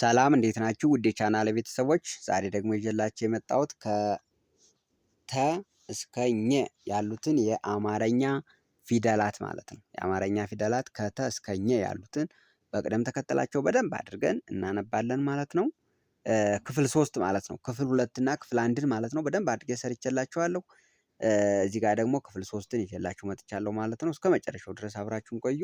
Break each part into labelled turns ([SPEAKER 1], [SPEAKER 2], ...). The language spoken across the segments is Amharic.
[SPEAKER 1] ሰላም እንዴት ናችሁ? ውዴ ቻናል ቤተሰቦች፣ ዛሬ ደግሞ ይዤላችሁ የመጣሁት ከተ እስከ ኘ ያሉትን የአማርኛ ፊደላት ማለት ነው። የአማርኛ ፊደላት ከተ እስከ ኘ ያሉትን በቅደም ተከተላቸው በደንብ አድርገን እናነባለን ማለት ነው። ክፍል ሶስት ማለት ነው። ክፍል ሁለትና ክፍል አንድን ማለት ነው በደንብ አድርጌ ሰርቼላችኋለሁ። እዚህ ጋር ደግሞ ክፍል ሶስትን ይዤላችሁ መጥቻለሁ ማለት ነው። እስከ መጨረሻው ድረስ አብራችሁን ቆዩ።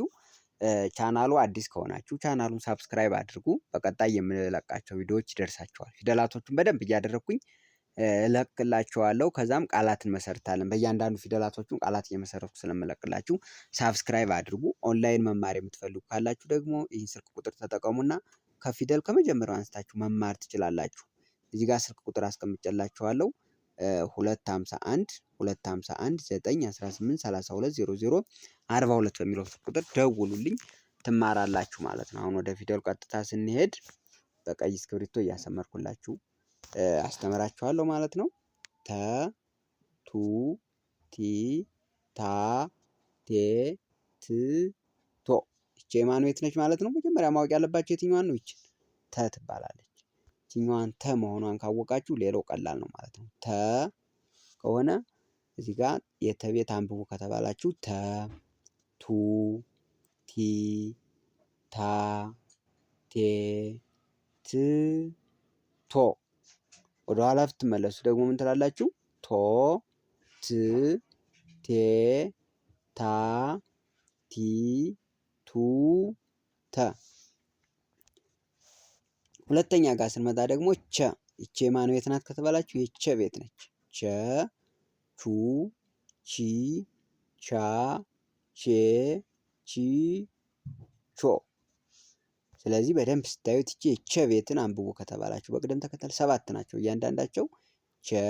[SPEAKER 1] ቻናሉ አዲስ ከሆናችሁ ቻናሉን ሳብስክራይብ አድርጉ። በቀጣይ የምንለቃቸው ቪዲዮዎች ይደርሳችኋል። ፊደላቶቹን በደንብ እያደረግኩኝ እለቅላችኋለሁ። ከዛም ቃላት እንመሰርታለን። በእያንዳንዱ ፊደላቶቹን ቃላት እየመሰረትኩ ስለምለቅላችሁ ሳብስክራይብ አድርጉ። ኦንላይን መማር የምትፈልጉ ካላችሁ ደግሞ ይህን ስልክ ቁጥር ተጠቀሙና ከፊደል ከመጀመሪያው አንስታችሁ መማር ትችላላችሁ። እዚህ ጋር ስልክ ቁጥር አስቀምጬላችኋለሁ። ሁለት ሃምሳ በሚለው ስልክ ቁጥር ደውሉልኝ ትማራላችሁ ማለት ነው። አሁን ወደ ፊደል ቀጥታ ስንሄድ በቀይ እስክሪብቶ እያሰመርኩላችሁ አስተምራችኋለሁ ማለት ነው። ተ ቱ ቲ ታ ቴ ት ቶ ይቺ ቤት ነች ማለት ነው? መጀመሪያ ማወቅ ያለባቸው የትኛዋን ነው? ይችን ተ ትባላለች። ይችኛዋን ተ መሆኗን ካወቃችሁ ሌላው ቀላል ነው ማለት ነው። ተ ከሆነ እዚህ ጋር የተቤት አንብቡ ከተባላችሁ ተ፣ ቱ፣ ቲ፣ ታ፣ ቴ፣ ት፣ ቶ። ወደ ኋላ ብትመለሱ ደግሞ ምን ትላላችሁ? ቶ፣ ት፣ ቴ፣ ታ፣ ቲ፣ ቱ፣ ተ ሁለተኛ ጋር ስንመጣ ደግሞ ቸ ይቼ ማን ቤት ናት ከተባላችሁ የቸ ቤት ነች። ቸ ቹ ቺ ቻ ቼ ቺ ቾ። ስለዚህ በደንብ ስታዩት ይቼ የቸ ቤትን አንብቦ ከተባላችሁ በቅደም ተከተል ሰባት ናቸው እያንዳንዳቸው ቸ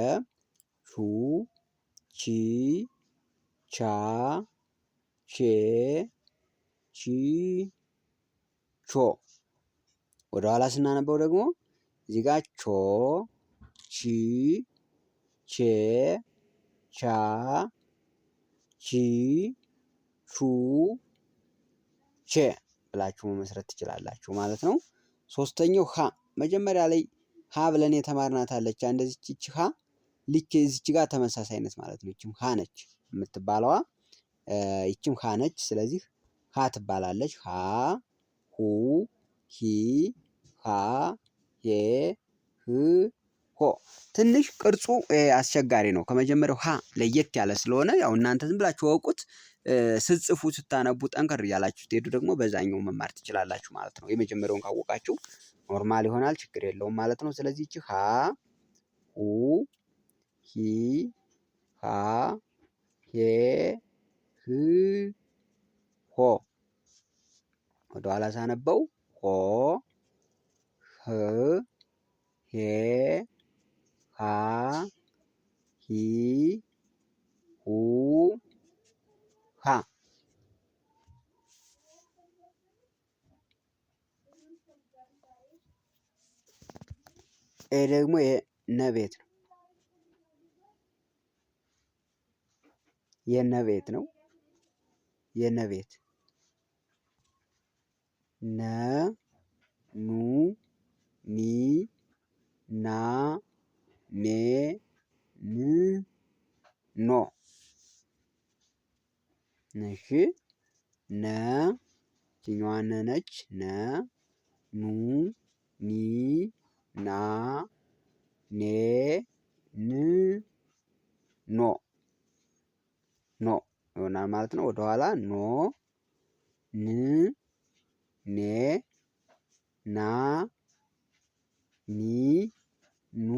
[SPEAKER 1] ቹ ቺ ቻ ቼ ቺ ቾ ወደ ኋላ ስናነበው ደግሞ እዚህ ጋር ቾ ቺ ቼ ቻ ቺ ቹ ቼ ብላችሁ መመስረት ትችላላችሁ ማለት ነው። ሶስተኛው ሀ መጀመሪያ ላይ ሀ ብለን የተማርናት አለች። እንደዚች ይቺ ሀ ልክ እዚች ጋር ተመሳሳይ አይነት ማለት ነው። ይችም ሀ ነች የምትባለዋ ይችም ሀ ነች። ስለዚህ ሀ ትባላለች። ሀ ሁ ሂ ሃ ሄ ህ ሆ ትንሽ ቅርጹ አስቸጋሪ ነው። ከመጀመሪያው ሀ ለየት ያለ ስለሆነ ያው እናንተ ዝም ብላችሁ እወቁት። ስጽፉ ስታነቡ ጠንከር እያላችሁ ስትሄዱ ደግሞ በዛኛው መማር ትችላላችሁ ማለት ነው። የመጀመሪያውን ካወቃችሁ ኖርማል ይሆናል ችግር የለውም ማለት ነው። ስለዚህ ይቺ ሀ ሁ ሂ ሃ ሄ ህ ሆ ወደኋላ ሳነበው ሆ ህ ሄ ሃ ሂ ሁ ሃ ይሄ ደግሞ የነቤት ነው። የነቤት ነው። የነቤት ነ ኑ ኒ ና ኔ ን ኖ እሺ ነ ይችኛዋ ነ ነች ነ ኑ ኒ ና ኔ ን ኖ ኖ ይሆናል ማለት ነው። ወደኋላ ኖ ን ኔ ና ኒ ኑ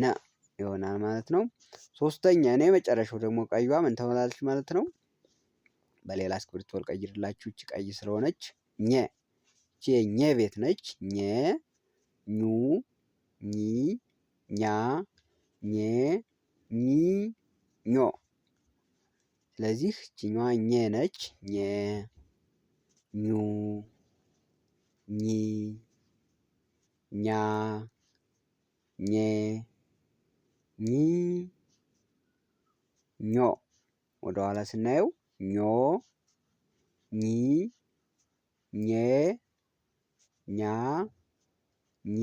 [SPEAKER 1] ነ ይሆናል ማለት ነው። ሶስተኛ እኔ መጨረሻው ደግሞ ቀዩዋ ምን ተሆናለች ማለት ነው። በሌላ እስክሪብቶ ልቀይርላችሁ። እች ቀይ ስለሆነች ኘ እቺ የኘ ቤት ነች። ኘ ኙ ኚ ኛ ኘ ኚ ኞ ስለዚህ እችኛዋ ኘ ነች ኘ ኙ ኚ ኛ ኜ ኚ ኞ ወደኋላ ስናየው ኞ ኚ ኜ ኛ ኚ ኙ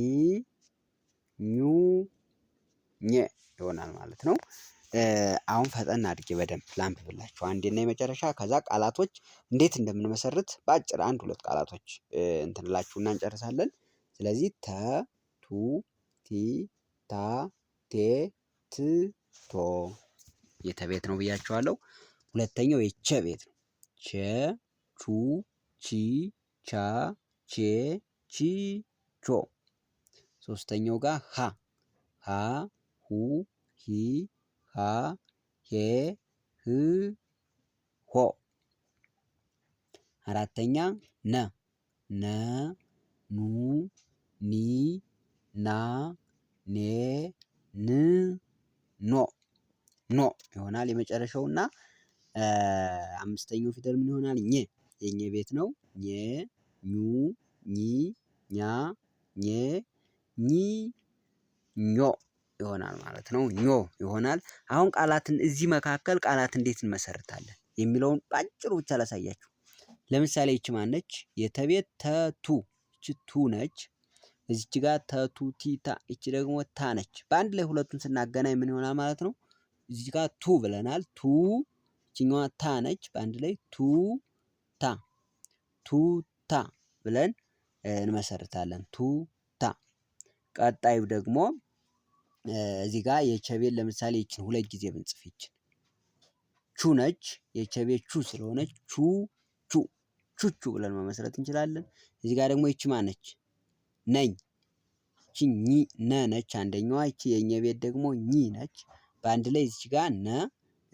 [SPEAKER 1] ኘ ይሆናል ማለት ነው። አሁን ፈጠን አድርጌ በደንብ ላንብብላችሁ አንዴና የመጨረሻ ከዛ ቃላቶች እንዴት እንደምንመሰርት በአጭር አንድ ሁለት ቃላቶች እንትንላችሁ እላችሁና እንጨርሳለን። ስለዚህ ተ ቱ ቲ ታ ቴ ት ቶ የተ ቤት ነው ብያችኋለሁ። ሁለተኛው የቸ ቤት ነው። ቸ ቹ ቺ ቻ ቼ ቺ ቾ። ሶስተኛው ጋር ሀ ሀ ሁ ሂ ሃ ሄ ህ ሆ። አራተኛ ነ ነ ኑ ኒ ና ኔ ን ኖ ኖ ይሆናል የመጨረሻው እና አምስተኛው ፊደል ምን ይሆናል? ኘ የኘ ቤት ነው። ኘ ኙ ኚ ኛ ኘ ኚ ኞ ይሆናል ማለት ነው። ኞ ይሆናል። አሁን ቃላትን እዚህ መካከል ቃላት እንዴት እንመሰርታለን የሚለውን በአጭሩ ብቻ ላሳያችሁ። ለምሳሌ ይች ማነች? የተቤት ተቱ ይች ቱ ነች። እዚች ጋር ተቱ ቲታ ይች ደግሞ ታ ነች። በአንድ ላይ ሁለቱን ስናገናኝ ምን ይሆናል ማለት ነው? እዚች ጋር ቱ ብለናል። ቱ ይችኛዋ ታ ነች። በአንድ ላይ ቱ ታ ታ ብለን እንመሰርታለን። ቱታ ቀጣዩ ደግሞ እዚህ ጋር የቸቤን ለምሳሌ ይችን ሁለት ጊዜ ብንጽፍ ይችን ቹ ነች። የቸቤ ቹ ስለሆነች ቹ ቹ ቹቹ ብለን መመስረት እንችላለን። እዚህ ጋር ደግሞ ይች ማነች? ነኝ። ይቺ ኝ ነ ነች አንደኛዋ። ይቺ የእኘ ቤት ደግሞ ኝ ነች። በአንድ ላይ እዚህ ጋር ነ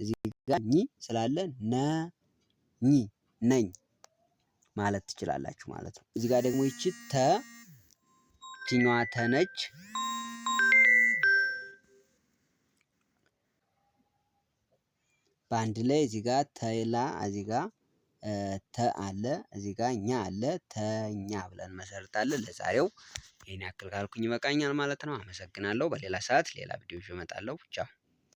[SPEAKER 1] እዚህ ጋር ኝ ስላለ ነ ኝ ነኝ ማለት ትችላላችሁ ማለት ነው። እዚህ ጋር ደግሞ ይቺ ተ ይችኛዋ ተ ነች። በአንድ ላይ እዚህ ጋር ተላ እዚህ ጋር ተ አለ እዚህ ጋር እኛ አለ ተኛ ብለን መሰርታለን። ለዛሬው ይህን ያክል ካልኩኝ ይበቃኛል ማለት ነው። አመሰግናለሁ። በሌላ ሰዓት ሌላ ቪዲዮ ይዤ እመጣለሁ። ቻው